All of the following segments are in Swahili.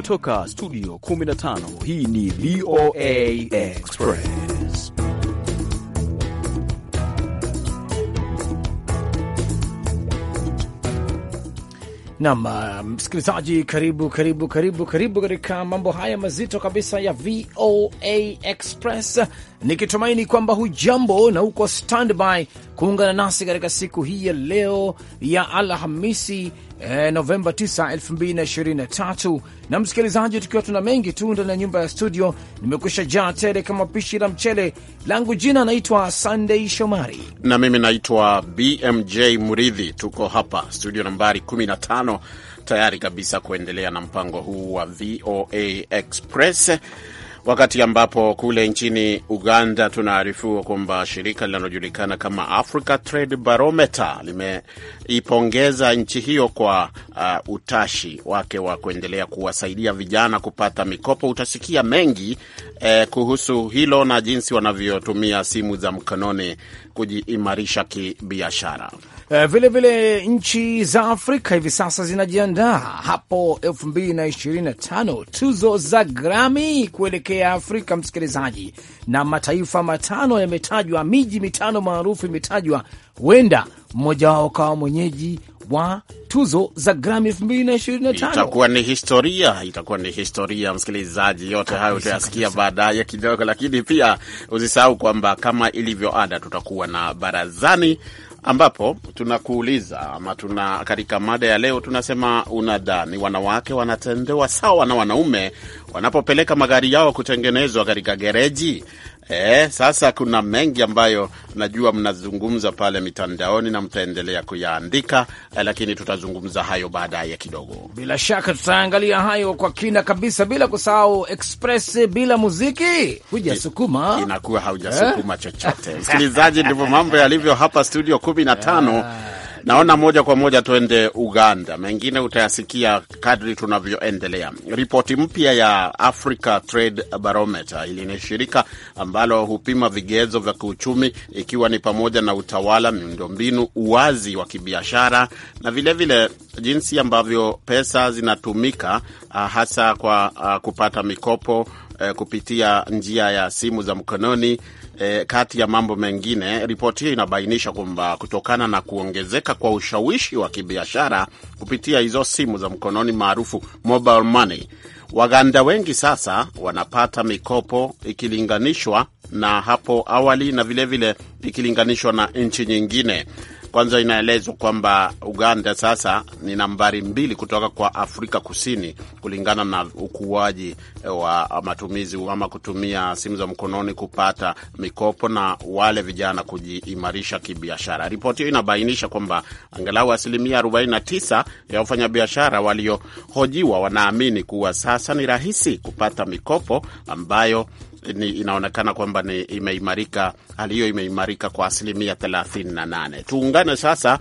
kutoka studio 15 hii ni VOA Express nam msikilizaji karibu karibu karibu karibu katika mambo haya mazito kabisa ya VOA Express nikitumaini kwamba hujambo na uko standby kuungana nasi katika siku hii ya leo ya Alhamisi eh, Novemba 9, 2023. Na msikilizaji, tukiwa tuna mengi tu ndani ya nyumba ya studio, nimekusha jaa tele kama pishi la mchele langu. Jina naitwa Sunday Shomari na mimi naitwa BMJ Muridhi. Tuko hapa studio nambari 15 tayari kabisa kuendelea na mpango huu wa VOA Express wakati ambapo kule nchini Uganda tunaarifiwa kwamba shirika linalojulikana kama Africa Trade Barometer limeipongeza nchi hiyo kwa uh, utashi wake wa kuendelea kuwasaidia vijana kupata mikopo. Utasikia mengi eh, kuhusu hilo na jinsi wanavyotumia simu za mkononi kujiimarisha kibiashara. Vilevile eh, vile nchi za Afrika hivi sasa zinajiandaa hapo elfu mbili na ishirini na tano tuzo za Grami kuelekea Afrika, msikilizaji, na mataifa matano yametajwa, miji mitano maarufu imetajwa, huenda mmoja wao kawa mwenyeji wa tuzo za Grammy 2025. Itakuwa ni historia, itakuwa ni historia msikilizaji. Yote hayo utayasikia baadaye kidogo, lakini pia usisahau kwamba kama ilivyo ada, tutakuwa na barazani ambapo tunakuuliza ama tuna katika mada ya leo tunasema, unadhani wanawake wanatendewa sawa na wanaume wanapopeleka magari yao kutengenezwa katika gereji? Eh, sasa kuna mengi ambayo najua mnazungumza pale mitandaoni na mtaendelea kuyaandika, eh, lakini tutazungumza hayo baadaye kidogo. Bila shaka tutaangalia hayo kwa kina kabisa, bila kusahau express. Bila muziki hujasukuma, inakuwa haujasukuma eh, chochote. Msikilizaji, ndivyo mambo yalivyo hapa studio 15. Naona moja kwa moja tuende Uganda, mengine utayasikia kadri tunavyoendelea. Ripoti mpya ya Africa Trade Barometer, hili ni shirika ambalo hupima vigezo vya kiuchumi, ikiwa ni pamoja na utawala, miundombinu, uwazi wa kibiashara na vilevile vile jinsi ambavyo pesa zinatumika, ah, hasa kwa ah, kupata mikopo eh, kupitia njia ya simu za mkononi E, kati ya mambo mengine, ripoti hiyo inabainisha kwamba kutokana na kuongezeka kwa ushawishi wa kibiashara kupitia hizo simu za mkononi maarufu mobile money, Waganda wengi sasa wanapata mikopo ikilinganishwa na hapo awali na vilevile vile ikilinganishwa na nchi nyingine. Kwanza inaelezwa kwamba Uganda sasa ni nambari mbili kutoka kwa Afrika Kusini kulingana na ukuaji eh, wa matumizi ama kutumia simu za mkononi kupata mikopo na wale vijana kujiimarisha kibiashara. Ripoti hiyo inabainisha kwamba angalau asilimia 49 ya wafanyabiashara waliohojiwa wanaamini kuwa sasa ni rahisi kupata mikopo ambayo inaonekana kwamba ni imeimarika, hali hiyo imeimarika kwa asilimia 38. Tuungane sasa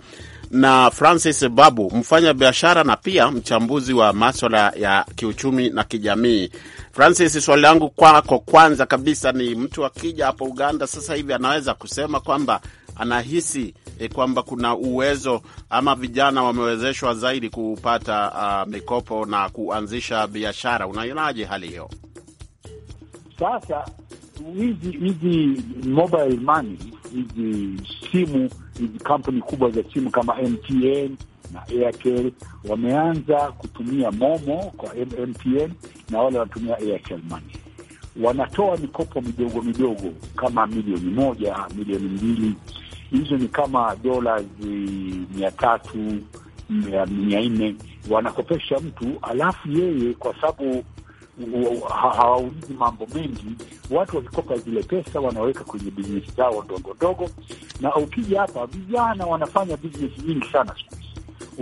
na Francis Babu, mfanya biashara na pia mchambuzi wa maswala ya kiuchumi na kijamii. Francis, swali langu kwako kwanza kabisa ni mtu akija hapo Uganda sasa hivi anaweza kusema kwamba anahisi eh, kwamba kuna uwezo ama vijana wamewezeshwa zaidi kupata uh, mikopo na kuanzisha biashara. Unaionaje hali hiyo? Sasa hizi mobile money, hizi simu, hizi kampuni kubwa za simu kama MTN na Airtel wameanza kutumia momo kwa MTN na wale wanatumia Airtel money wanatoa mikopo midogo midogo kama milioni moja, milioni mbili. Hizo ni kama dola mia tatu mia nne wanakopesha mtu, alafu yeye kwa sababu hawaulizi mambo mengi. Watu wakikopa zile pesa wanaweka kwenye biznesi zao ndogo ndogo, na ukija hapa vijana wanafanya biznesi nyingi sana siku hizi.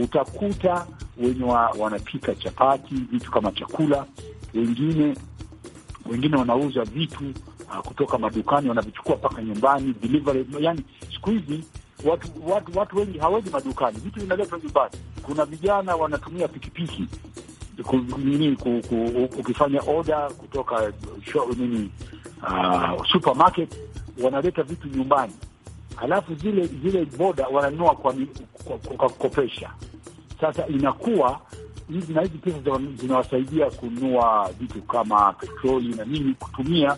Utakuta wenye wanapika chapati, vitu kama chakula, wengine wengine wanauza vitu uh, kutoka madukani wanavichukua mpaka nyumbani delivery. Yani siku hizi watu watu watu wengi hawezi madukani, vitu vinaletwa nyumbani. Kuna vijana wanatumia pikipiki nini ukifanya oda kutoka show, nini uh, supermarket wanaleta vitu nyumbani, alafu zile zile boda wananua kwa kwa kukopesha. Sasa inakuwa hizi na hizi pesa zinawasaidia kununua vitu kama petroli na nini kutumia,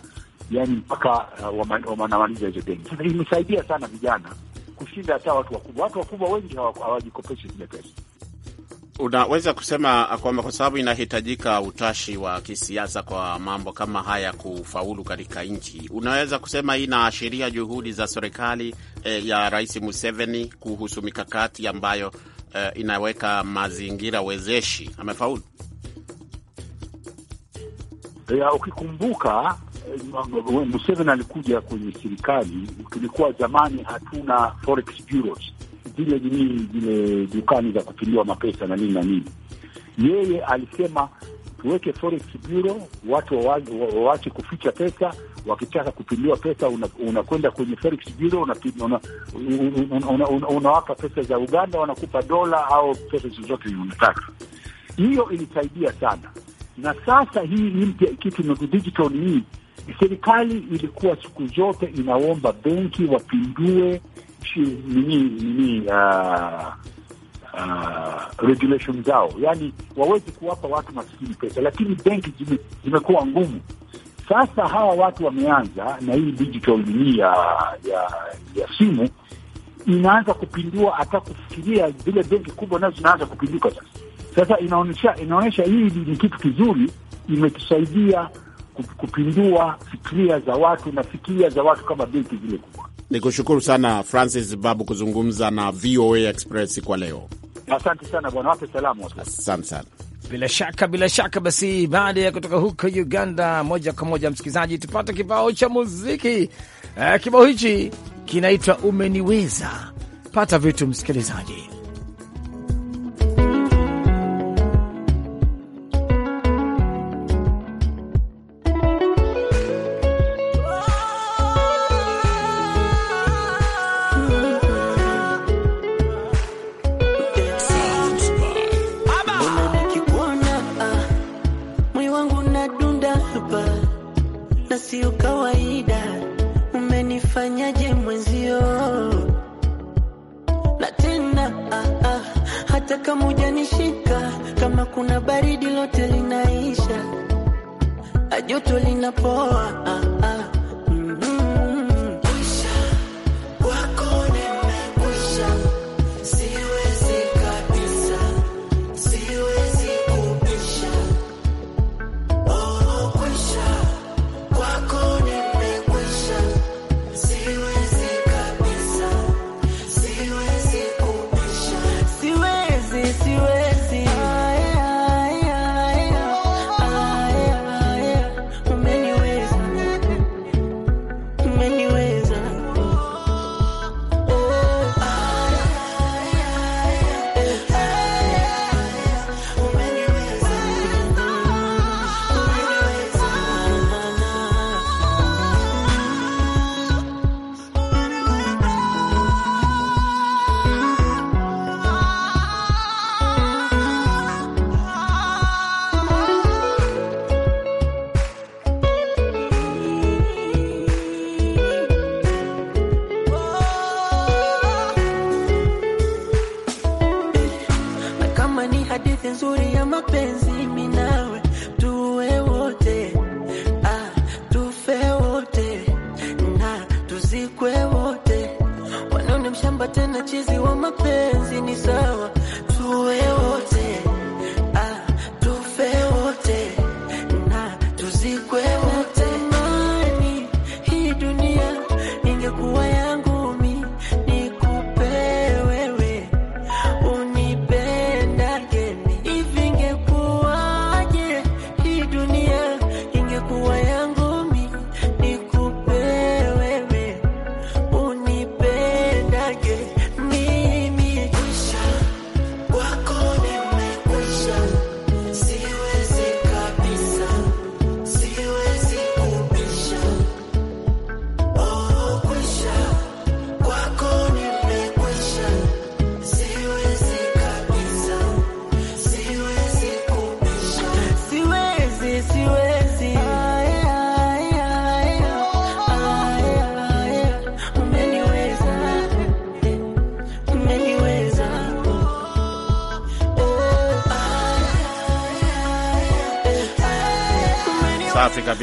yani mpaka uh, wanamaliza hizo deni. Sasa imesaidia sana vijana kushinda hata watu wakubwa. Watu wakubwa wengi hawajikopeshi zile pesa unaweza kusema kwamba kwa sababu inahitajika utashi wa kisiasa kwa mambo kama haya kufaulu katika nchi, unaweza kusema hii inaashiria juhudi za serikali eh, ya Rais Museveni kuhusu mikakati ambayo eh, inaweka mazingira wezeshi. Amefaulu ya, ukikumbuka eh, Museveni alikuja kwenye serikali, tulikuwa zamani hatuna forex bureaus zile nini zile dukani za kutiliwa mapesa na nini na nini. Yeye alisema tuweke forex bureau, watu waache wa, wa kuficha pesa. Wakitaka kupindiwa pesa, unakwenda una kwenye forex bureau, unawapa una, una, una, una pesa za Uganda, wanakupa dola au pesa zozote unataka. Hiyo ilisaidia sana, na sasa hii mpya kitu digital hii serikali ilikuwa siku zote inaomba benki wapindue nini nini Uh, regulation zao yani, wawezi kuwapa watu masikini pesa, lakini benki zimekuwa ngumu. Sasa hawa watu wameanza na hii digital nini ya, ya, ya simu inaanza kupindua hata kufikiria, zile benki kubwa nazo zinaanza kupinduka sasa. Sasa inaonyesha inaonyesha hii ni kitu kizuri, imetusaidia kupindua fikiria za watu na fikiria za watu kama benki zile kubwa. Ni kushukuru sana Francis Babu kuzungumza na VOA Express kwa leo. Asante sana bwana, wape salamu Asante sana. Bila shaka bila shaka. Basi baada ya kutoka huko Uganda, moja kwa moja msikilizaji, tupate kibao cha muziki. Eh, kibao hichi kinaitwa Umeniweza. Pata vitu msikilizaji. hata kama hujanishika, kama kuna baridi lote linaisha, ajoto linapoa ah, ah.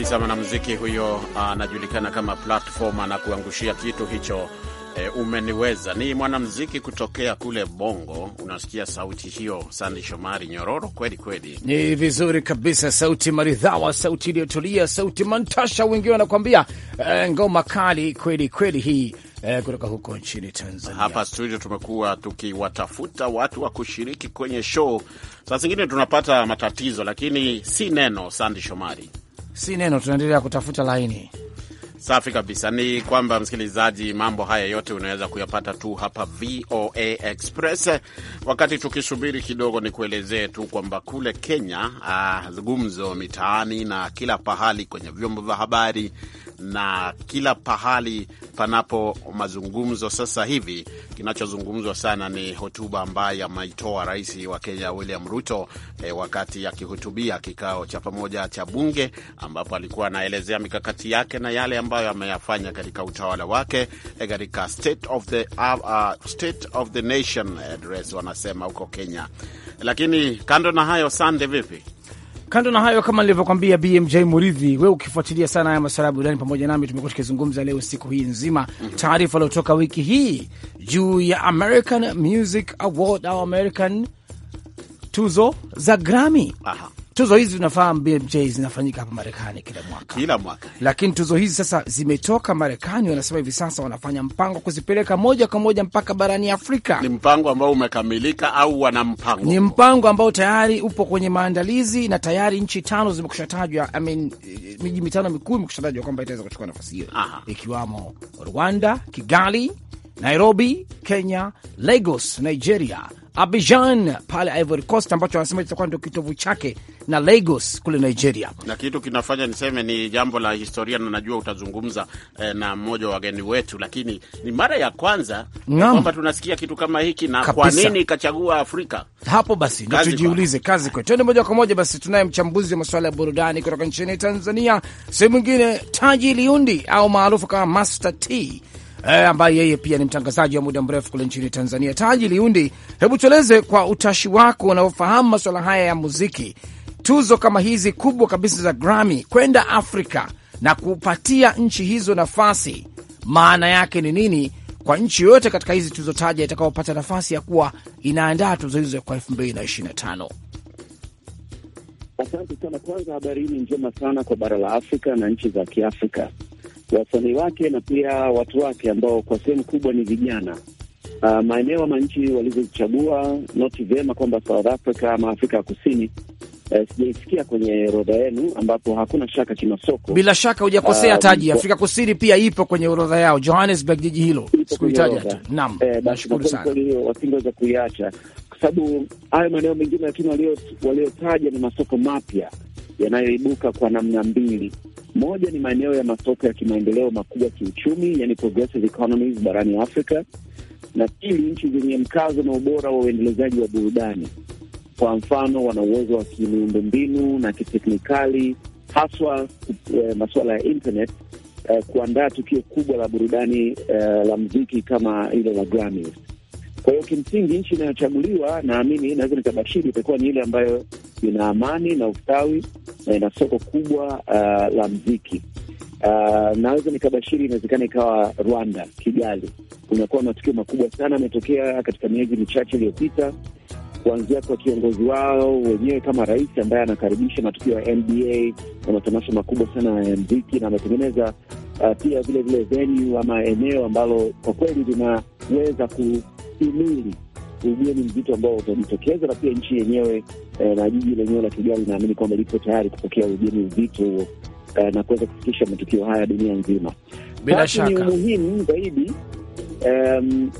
kabisa mwanamuziki huyo ah, anajulikana kama Platform, kuangushia kitu hicho. E, umeniweza ni mwanamuziki kutokea kule Bongo. Unasikia sauti hiyo, Sandi Shomari, nyororo kweli kweli, ni vizuri kabisa, sauti maridhawa, sauti iliyotulia, sauti mantasha, wengi wanakuambia e, ngoma kali kweli kweli hii e, kutoka huko nchini Tanzania. Hapa studio tumekuwa tukiwatafuta watu wa kushiriki kwenye show, saa zingine tunapata matatizo, lakini si neno, Sandi Shomari si neno, tunaendelea kutafuta laini. Safi kabisa. Ni kwamba msikilizaji, mambo haya yote unaweza kuyapata tu hapa VOA Express. Wakati tukisubiri kidogo, ni kuelezee tu kwamba kule Kenya, ah, gumzo mitaani na kila pahali kwenye vyombo vya habari na kila pahali panapo mazungumzo sasa hivi kinachozungumzwa sana ni hotuba ambayo ameitoa rais wa Kenya William Ruto eh, wakati akihutubia kikao cha pamoja cha bunge ambapo alikuwa anaelezea mikakati yake na yale ambayo ameyafanya katika utawala wake eh, katika state of the, uh, uh, state of the nation eh, address wanasema huko Kenya. Lakini kando na hayo, Sande, vipi? Kando na hayo, kama nilivyokwambia BMJ Muridhi, we ukifuatilia sana haya masuala ya burudani pamoja nami, tumekuwa tukizungumza leo siku hii nzima taarifa iliyotoka wiki hii juu ya American Music Award au American tuzo za Grammy. Aha tuzo hizi tunafahamu BMJ zinafanyika hapa Marekani kila mwaka, kila mwaka. Lakini tuzo hizi sasa zimetoka Marekani, wanasema hivi sasa wanafanya mpango kuzipeleka moja kwa moja mpaka barani Afrika. Ni mpango ambao umekamilika au wana mpango? Ni mpango ambao tayari upo kwenye maandalizi na tayari nchi tano zimekushatajwa I mean, miji mitano mikuu imekushatajwa kwamba itaweza kuchukua nafasi hiyo, ikiwamo Rwanda, Kigali, Nairobi Kenya, Lagos Nigeria, Abidjan pale Ivory Coast ambacho wanasema itakuwa ndio kitovu chake na Lagos kule Nigeria. Na kitu kinafanya niseme ni jambo la historia, na najua utazungumza eh, na mmoja wa wageni wetu, lakini ni mara ya kwanza kwamba tunasikia kitu kama hiki, na kwa nini ikachagua Afrika hapo? Basi ndio tujiulize kazi kwetu. Twende moja kwa moja basi, tunaye mchambuzi wa masuala ya burudani kutoka nchini Tanzania, sehemu ingine, Taji Liundi au maarufu kama Master T e, ambaye yeye pia ni mtangazaji wa muda mrefu kule nchini Tanzania. Taji Liundi, hebu tueleze kwa utashi wako unaofahamu masuala haya ya muziki, tuzo kama hizi kubwa kabisa za Grammy kwenda Afrika na kupatia nchi hizo nafasi, maana yake ni nini kwa nchi yoyote katika hizi tuzo taja itakayopata nafasi ya kuwa inaandaa tuzo hizo kwa elfu mbili na ishirini na tano? Asante sana. Kwanza, habari hii ni njema sana kwa bara la Afrika na nchi za Kiafrika wasanii wake na pia watu wake ambao kwa sehemu kubwa ni vijana. Uh, maeneo ama nchi walizochagua noti vyema kwamba South Africa ama Afrika ya Kusini uh, sijaisikia kwenye orodha yenu, ambapo hakuna shaka kimasoko. Bila shaka hujakosea, uh, Taji. Afrika Kusini pia ipo kwenye orodha yao, Johannesburg, jiji hilo sikuitaja tu. Naam, eh, nashukuru sana, wasingeweza kuiacha kwa sababu hayo maeneo mengine, lakini waliotaja ni masoko mapya yanayoibuka kwa namna mbili moja ni maeneo ya masoko ya kimaendeleo makubwa kiuchumi, yani progressive economies barani Afrika, na pili, nchi zenye mkazo na ubora wa uendelezaji wa burudani. Kwa mfano, wana uwezo wa kimiundombinu na kiteknikali, haswa eh, masuala ya internet eh, kuandaa tukio kubwa la burudani eh, la mziki kama ile la Grammys. Kwa hiyo kimsingi, nchi inayochaguliwa naamini, naweza nikabashiri, itakuwa ni ile ambayo ina amani na ustawi na ina soko kubwa uh, la mziki uh, naweza nikabashiri, inawezekana ikawa Rwanda, Kigali, kunakuwa matukio makubwa sana ametokea katika miezi michache iliyopita, kuanzia kwa kiongozi wao wenyewe kama rais ambaye anakaribisha matukio ya NBA na matamasha makubwa sana ya mziki na ametengeneza uh, pia vile vile venue ama eneo ambalo kwa kweli linaweza kuhimili ujeni mzito ambao utajitokeza na pia nchi yenyewe eh, na jiji lenyewe la Kigali naamini kwamba lipo tayari kupokea ugeni uzito huo eh, na kuweza kufikisha matukio haya dunia nzima. Bila shaka ni muhimu zaidi um,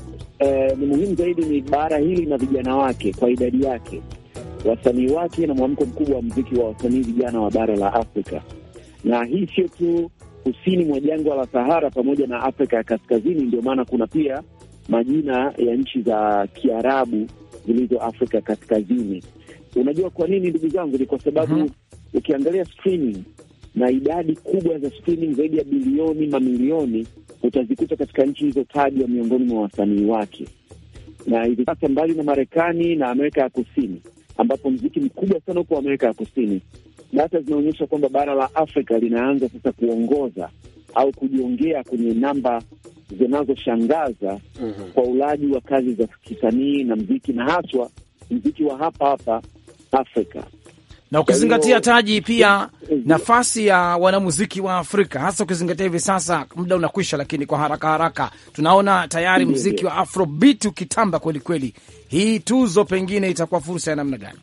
uh, ni muhimu zaidi ni bara hili na vijana wake kwa idadi yake, wasanii wake na mwamko mkubwa wa mziki wa wasanii vijana wa bara la Afrika, na hii sio tu kusini mwa jangwa la Sahara pamoja na Afrika ya kaskazini. Ndio maana kuna pia majina ya nchi za Kiarabu zilizo Afrika kaskazini Unajua kwa nini ndugu zangu? Ni kwa sababu mm -hmm. ukiangalia streaming na idadi kubwa za streaming zaidi ya bilioni mamilioni utazikuta katika nchi hizo tajwa miongoni mwa wasanii wake, na hivi sasa mbali na Marekani na Amerika ya Kusini ambapo mziki mkubwa sana huko Amerika ya Kusini, data zinaonyesha kwamba bara la Afrika linaanza sasa kuongoza au kujiongea kwenye namba zinazoshangaza mm -hmm. kwa ulaji wa kazi za kisanii na mziki na haswa mziki wa hapa hapa Afrika na ukizingatia taji pia mm-hmm. nafasi ya wanamuziki wa Afrika, hasa ukizingatia hivi sasa, muda unakwisha, lakini kwa haraka haraka tunaona tayari mziki mm-hmm. wa Afrobeat ukitamba kwelikweli. Hii tuzo pengine itakuwa fursa ya namna gani?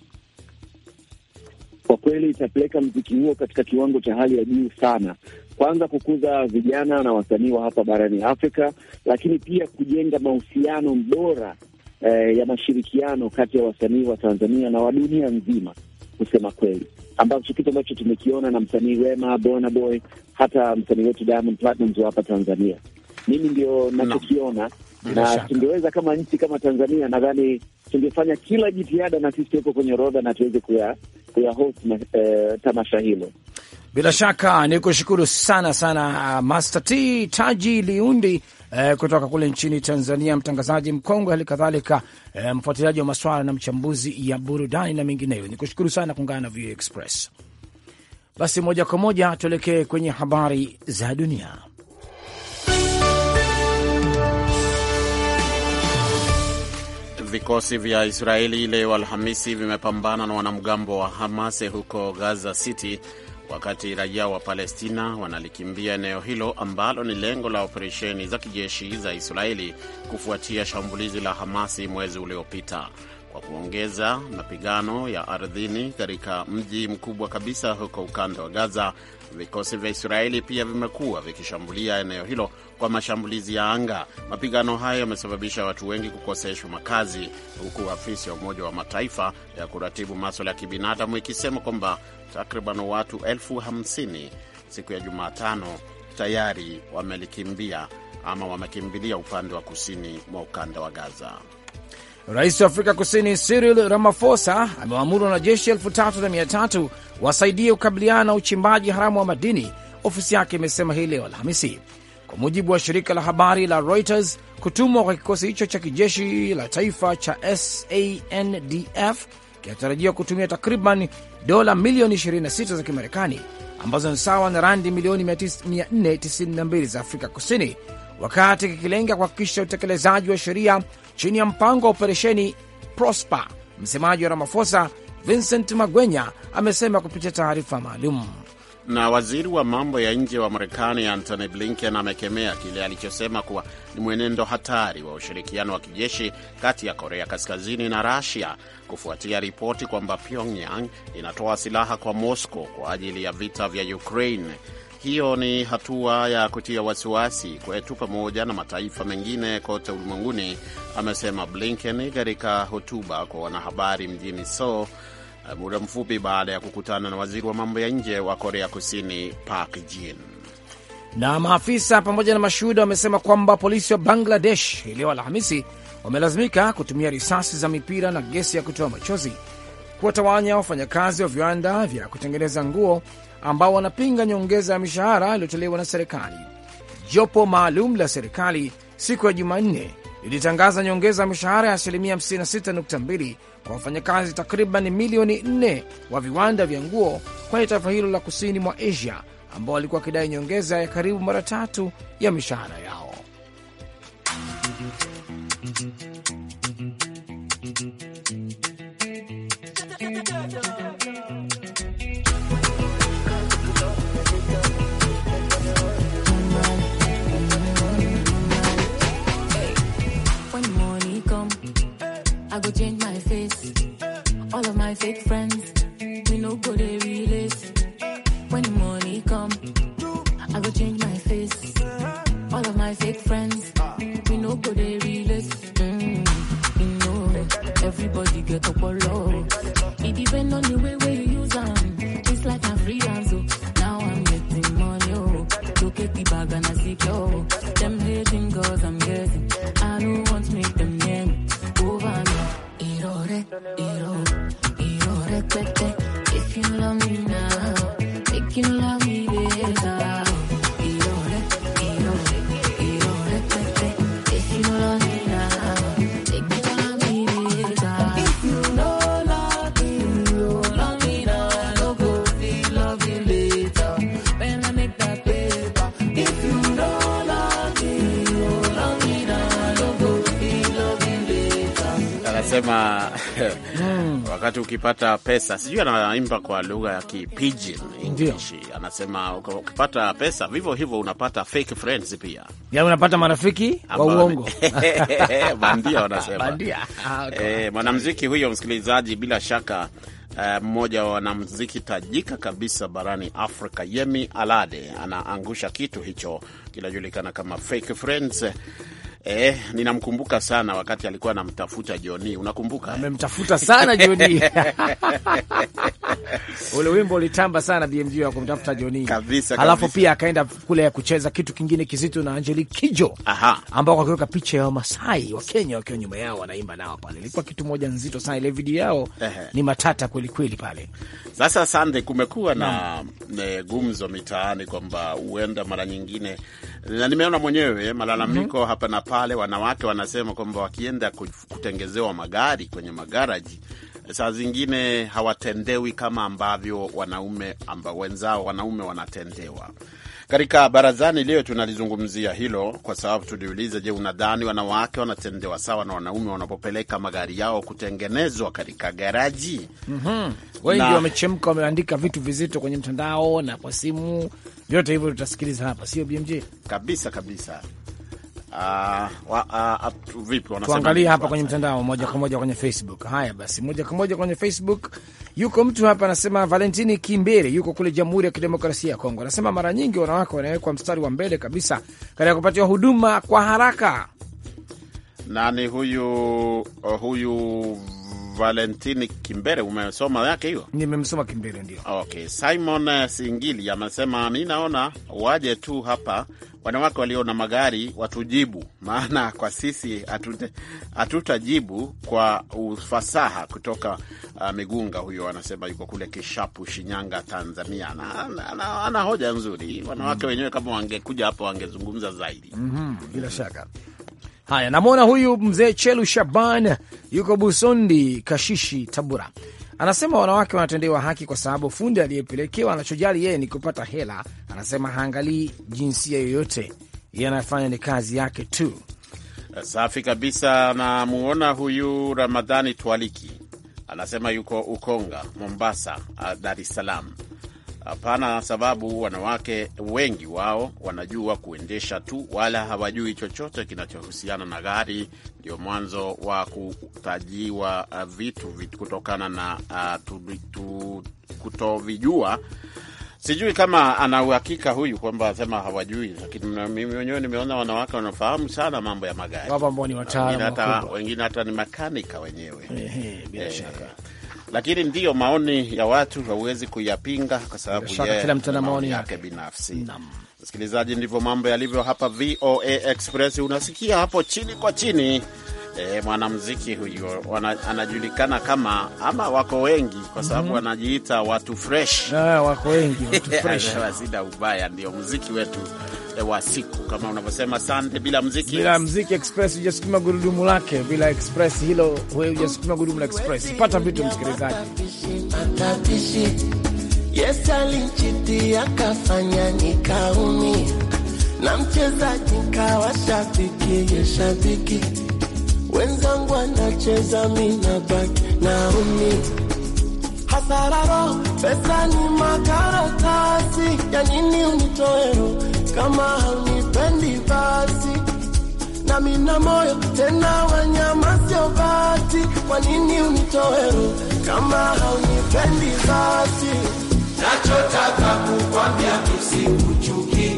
Kwa kweli itapeleka mziki huo katika kiwango cha hali ya juu sana, kwanza kukuza vijana na wasanii wa hapa barani Afrika, lakini pia kujenga mahusiano bora eh, ya mashirikiano kati ya wasanii wa Tanzania na wa dunia nzima, kusema kweli, ambacho kitu ambacho tumekiona na msanii Wema, Bona Boy, hata msanii wetu Diamond Platnumz wa hapa Tanzania. Mimi ndio nachokiona na, na tungeweza kama nchi kama Tanzania, nadhani tungefanya kila jitihada na sisi tuweko kwenye orodha na tuweze kuya, kuya host eh, tamasha hilo. Bila shaka ni kushukuru sana sana uh, Master T Taji Liundi e, kutoka kule nchini Tanzania, mtangazaji mkongwe, hali kadhalika e, mfuatiliaji wa maswala na mchambuzi ya burudani na mengineyo. Ni kushukuru sana kuungana na VOA Express. Basi moja kwa moja tuelekee kwenye habari za dunia. Vikosi vya Israeli leo Alhamisi vimepambana na wanamgambo wa Hamas huko Gaza City wakati raia wa Palestina wanalikimbia eneo hilo ambalo ni lengo la operesheni za kijeshi za Israeli kufuatia shambulizi la Hamasi mwezi uliopita kwa kuongeza mapigano ya ardhini katika mji mkubwa kabisa huko ukanda wa Gaza Vikosi vya Israeli pia vimekuwa vikishambulia eneo hilo kwa mashambulizi ya anga. Mapigano hayo yamesababisha watu wengi kukoseshwa makazi, huku afisi ya Umoja wa Mataifa ya kuratibu maswala ya kibinadamu ikisema kwamba takriban watu elfu hamsini siku ya Jumatano tayari wamelikimbia ama wamekimbilia upande wa kusini mwa ukanda wa Gaza. Rais wa Afrika Kusini Cyril Ramaphosa amewaamuru wanajeshi elfu tatu na mia tatu wasaidie kukabiliana na uchimbaji haramu wa madini, ofisi yake imesema hii leo Alhamisi, kwa mujibu wa shirika la habari la Reuters. Kutumwa kwa kikosi hicho cha kijeshi la taifa cha SANDF kinatarajiwa kutumia takriban dola milioni 26 za Kimarekani, ambazo ni sawa na randi milioni 492 za Afrika Kusini, wakati kikilenga kuhakikisha utekelezaji wa sheria chini ya mpango wa operesheni Prosper. Msemaji wa ramafosa Vincent Magwenya amesema kupitia taarifa maalum. Na waziri wa mambo ya nje wa Marekani Antony Blinken amekemea kile alichosema kuwa ni mwenendo hatari wa ushirikiano wa kijeshi kati ya Korea Kaskazini na Rusia kufuatia ripoti kwamba Pyongyang inatoa silaha kwa Moscow kwa ajili ya vita vya Ukraine. Hiyo ni hatua ya kutia wasiwasi kwetu pamoja na mataifa mengine kote ulimwenguni, amesema Blinken katika hotuba kwa wanahabari mjini Seoul eh, muda mfupi baada ya kukutana na waziri wa mambo ya nje wa Korea Kusini Park Jin. Na maafisa pamoja na mashuhuda wamesema kwamba polisi wa Bangladesh leo Alhamisi wamelazimika kutumia risasi za mipira na gesi ya kutoa machozi kuwatawanya wafanyakazi wa viwanda vya kutengeneza nguo ambao wanapinga nyongeza ya mishahara iliyotolewa na serikali. Jopo maalum la serikali siku ya Jumanne lilitangaza nyongeza ya mishahara ya asilimia 56.2 kwa wafanyakazi takriban milioni 4 wa viwanda vya nguo kwenye taifa hilo la kusini mwa Asia ambao walikuwa wakidai nyongeza ya karibu mara tatu ya mishahara yao. I go change my face. All of my fake friends, we no go there. Io, io recuete, taking love me now, taking love me better. Sema Mm. wakati ukipata pesa, sijui anaimba kwa lugha ya Kipijin English, anasema ukipata pesa vivyo hivyo unapata fake friends pia, yaani unapata marafiki wa uongo bandia wanasema bandia. Ah, eh, okay. E, huyo msikilizaji, bila shaka eh, mmoja uh, wa wanamziki tajika kabisa barani Afrika, Yemi Alade anaangusha kitu hicho kinajulikana kama fake friends Eh, ninamkumbuka sana wakati alikuwa anamtafuta Joni. Unakumbuka? Amemtafuta sana Joni. Ule wimbo ulitamba sana BMG wa kumtafuta Joni. Kabisa, kabisa. Alafu pia akaenda kule kucheza kitu kingine kizito na Angelique Kijo. Aha. Ambao wakiweka picha ya Wamasai wa Kenya wakiwa nyuma yao wanaimba nao pale. Ilikuwa kitu moja nzito sana ile video yao. Ehe. Ni matata kweli kweli pale. Sasa sande, kumekuwa na ne, eh, gumzo mitaani kwamba huenda mara nyingine na nimeona mwenyewe malalamiko mm -hmm. hapa na pale, wanawake wanasema kwamba wakienda kutengezewa magari kwenye magaraji saa zingine hawatendewi kama ambavyo wanaume amba wenzao wanaume wanatendewa. Katika barazani leo tunalizungumzia hilo, kwa sababu tuliuliza, je, unadhani wanawake wanatendewa sawa na wanaume wanapopeleka magari yao kutengenezwa katika garaji? mm -hmm. Wengi wamechemka, wameandika vitu vizito kwenye mtandao na kwa simu. Vyote hivyo tutasikiliza hapa, sio BMJ? Kabisa kabisa. Ah, ah, tuangalie hapa kwenye mtandao moja kwa moja kwenye Facebook. Haya basi, moja kwa moja kwenye Facebook, yuko mtu hapa anasema, Valentini Kimbere yuko kule Jamhuri ya Kidemokrasia ya Kongo, anasema mara nyingi wanawake wanawekwa mstari wa mbele kabisa katika kupatiwa huduma kwa haraka. Nani huyu? Uh, huyu Valentini Kimbere, umesoma yake hiyo? Nimemsoma Kimbere, ndio. Okay, Simon Singili amesema mi naona waje tu hapa wanawake walio na magari watujibu, maana kwa sisi hatutajibu kwa ufasaha kutoka uh, Migunga huyo anasema yuko kule Kishapu, Shinyanga, Tanzania. Na ana hoja nzuri, wanawake mm -hmm. wenyewe kama wangekuja hapo wangezungumza zaidi mm -hmm. bila shaka. Haya, namwona huyu mzee Chelu Shaban yuko Busondi Kashishi, tabura Anasema wanawake wanatendewa haki kwa sababu fundi aliyepelekewa anachojali yeye ni kupata hela. Anasema haangalii jinsia yoyote, yeye anafanya ni kazi yake tu. Safi kabisa. Namuona huyu Ramadhani Twaliki anasema yuko Ukonga, Mombasa, Dar es Salaam. Hapana sababu wanawake wengi wao wanajua kuendesha tu, wala hawajui chochote kinachohusiana na gari. Ndio mwanzo wa kutajiwa uh, vitu, vitu kutokana na uh, kutovijua. Sijui kama ana uhakika huyu kwamba asema hawajui, lakini mimi wenyewe nimeona wanawake wanafahamu sana mambo ya magari, wengine hata ni makanika wenyewe. Bila eh, shaka lakini ndiyo maoni ya watu, hauwezi kuyapinga kwa sababu kila mtu ana maoni yake binafsi. msikilizaji, ndivyo mambo yalivyo hapa VOA Express. Unasikia hapo chini kwa chini E, mwanamuziki huyu anajulikana kama ama, wako wengi kwa sababu mm -hmm. wanajiita watu fresh. Ah, wako wengi watu fresh wasida ubaya, ndio mziki wetu e, wa siku kama unavyosema Sande. Bila mziki bila mziki express hujasukuma gurudumu lake, bila express hilo hujasukuma gurudumu la express. Pata vitu msikilizaji, yes alinchiti akafanya nikaumia, na mchezaji kawa shabiki, yes shabiki wenzangu anacheza mina naumi hasararo pesa ni makaratasi ya nini unitoero kama haunipendi basi na mina moyo tena wanyama sio bati kwa nini unitoero kama haunipendi basi nachotaka kukwambia usikuchuki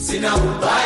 sina ubaya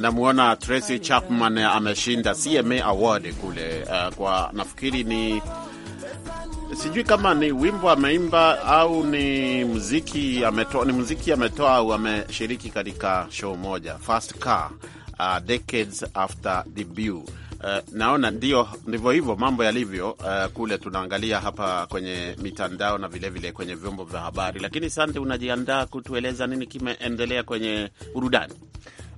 namwona Tracy Chapman ameshinda CMA Award kule, uh, kwa nafikiri ni sijui kama ni wimbo ameimba au ni muziki ametoa, ni mziki ametoa au ameshiriki katika show moja Fast Car, uh, decades after debut. Uh, naona ndio ndivyo hivyo mambo yalivyo. Uh, kule tunaangalia hapa kwenye mitandao na vilevile vile kwenye vyombo vya habari, lakini sante, unajiandaa kutueleza nini kimeendelea kwenye burudani?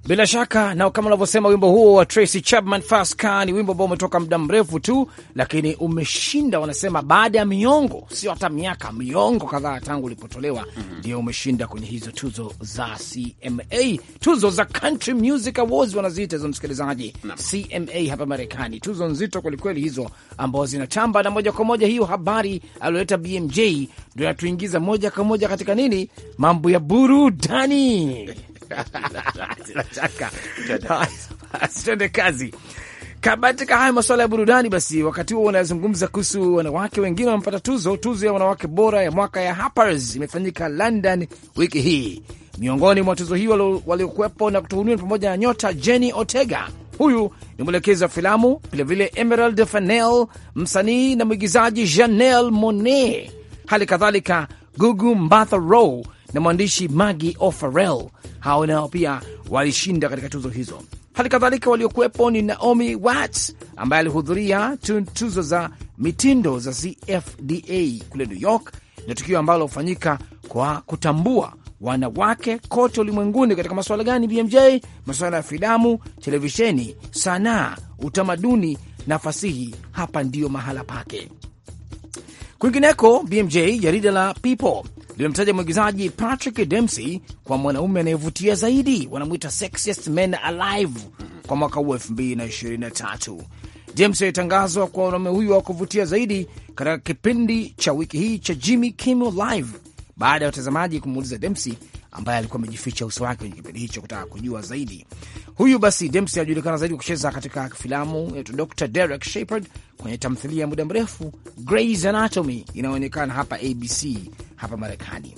Bila shaka na kama unavyosema, wimbo huo wa Tracy Chapman Car ni wimbo ambao umetoka muda mrefu tu, lakini umeshinda, wanasema baada ya miongo, sio hata miaka, miongo kadhaa tangu ulipotolewa, mhm. ndio mm -hmm. umeshinda kwenye hizo tuzo za CMA, tuzo za Country Music Awards wanaziita hizo, msikilizaji no. CMA hapa Marekani, tuzo nzito kwelikweli hizo ambao zinatamba, na moja kwa moja hiyo habari aliyoleta BMJ ndo inatuingiza moja kwa moja katika nini, mambo ya burudani bila shaka kazi. Katika haya masuala ya burudani, basi wakati huo unazungumza kuhusu wanawake wengine wamepata tuzo. Tuzo ya wanawake bora ya mwaka ya Harpers imefanyika London wiki hii. Miongoni mwa tuzo hii waliokuwepo na kutuhuniwa ni pamoja na nyota Jenny Ortega, huyu ni mwelekezi wa filamu, vilevile Emerald Fennell, msanii na mwigizaji Janelle Monae, hali kadhalika Gugu Mbatha-Raw na mwandishi Maggie O'Farrell. Hao nao pia walishinda katika tuzo hizo. Hali kadhalika waliokuwepo ni Naomi Watts ambaye alihudhuria tuzo za mitindo za CFDA kule New York, na tukio ambalo hufanyika kwa kutambua wanawake kote ulimwenguni katika masuala gani? BMJ, masuala ya filamu, televisheni, sanaa, utamaduni na fasihi. Hapa ndiyo mahala pake. Kwingineko, BMJ, jarida la People limemtaja mwigizaji Patrick Dempsey kwa mwanaume anayevutia zaidi, wanamwita sexiest man alive kwa mwaka huu 223 Dempsey alitangazwa kwa mwanaume huyo wa kuvutia zaidi katika kipindi cha wiki hii cha Jimmy Kimmel Live baada ya watazamaji kumuuliza Dempsey ambaye alikuwa amejificha uso wake kwenye kipindi hicho kutaka kujua zaidi. Huyu basi Dempsey anajulikana zaidi kwa kucheza katika filamu inaitwa Dr Derek Shepherd kwenye tamthilia ya muda mrefu Grey's Anatomy inayoonekana hapa ABC hapa Marekani.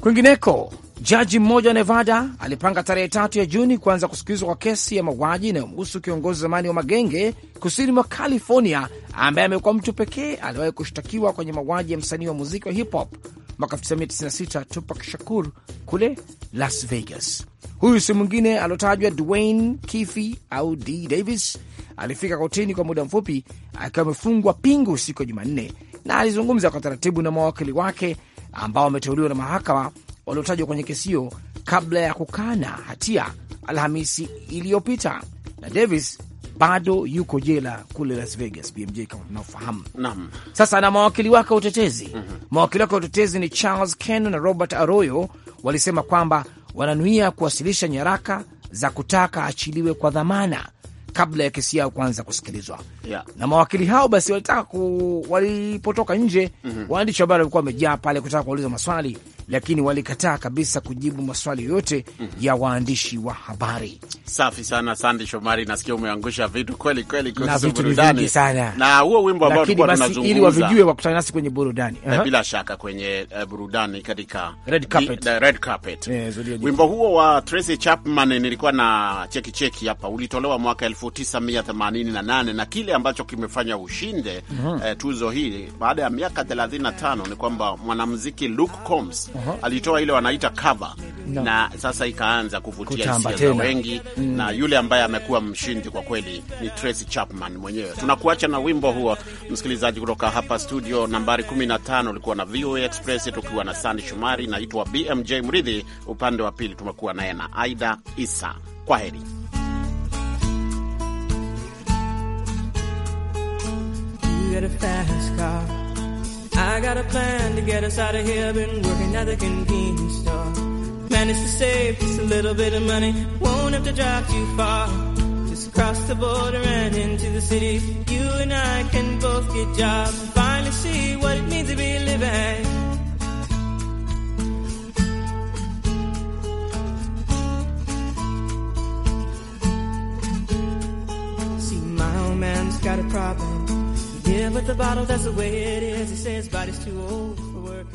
Kwingineko, jaji mmoja wa Nevada alipanga tarehe tatu ya Juni kuanza kusikilizwa kwa kesi ya mauaji inayomhusu kiongozi zamani wa magenge kusini mwa California ambaye amekuwa mtu pekee aliwahi kushtakiwa kwenye mauaji ya msanii wa muziki wa hip hop mwaka 1996 Tupac Shakur kule Las Vegas. Huyu si mwingine aliotajwa Dwayne Keefe au D Davis, alifika kotini kwa muda mfupi akiwa amefungwa pingu siku ya Jumanne, na alizungumza kwa taratibu na mawakili wake ambao wameteuliwa na mahakama waliotajwa kwenye kesi hiyo kabla ya kukana hatia Alhamisi iliyopita, na Davis bado yuko jela kule Las Vegas, BMJ kama tunaofahamu. Naam. Sasa na mawakili wake wa utetezi mm -hmm. mawakili wake wa utetezi ni Charles Ken na Robert Arroyo walisema kwamba wananuia kuwasilisha nyaraka za kutaka achiliwe kwa dhamana kabla ya kesi yao kuanza kusikilizwa yeah. Na mawakili hao basi walitaka ku... walipotoka nje mm -hmm. waandishi wa habari walikuwa wamejaa pale kutaka kuwauliza maswali lakini walikataa kabisa kujibu maswali yote ya waandishi wa habari. Safi sana, Sandi Shomari, nasikia umeangusha vitu kweli kweli na vitu vingi sana, na huo wimbo ambao tulikuwa tunazungumza, ili wavijue wakutane nasi kwenye burudani uh eh, -huh. bila shaka kwenye uh, burudani katika red carpet, the eh, red carpet. Yeah, wimbo huo wa Tracy Chapman nilikuwa na cheki cheki hapa, ulitolewa mwaka 1988 na kile ambacho kimefanya ushinde uh -huh. uh, tuzo hii baada ya miaka 35 ni kwamba mwanamuziki Luke Combs huh alitoa ile wanaita cover no. na sasa ikaanza kuvutia hisia za wengi mm. na yule ambaye amekuwa mshindi kwa kweli ni Tracy Chapman mwenyewe. Tunakuacha na wimbo huo, msikilizaji, kutoka hapa studio nambari 15. Ulikuwa na VOA Express tukiwa na Sandi Shumari, naitwa BMJ Mridhi, upande wa pili tumekuwa naye na Aida Isa. Kwa heri. You got a fast car. I got a plan to get us out of here. Been working at the convenience store. Managed to save just a little bit of money. Won't have to drive too far. Just cross the border and into the city. You and I can both get jobs and finally see what it means to be living. See, my old man's got a problem yeah, but the bottle, that's the way it is. He says body's too old.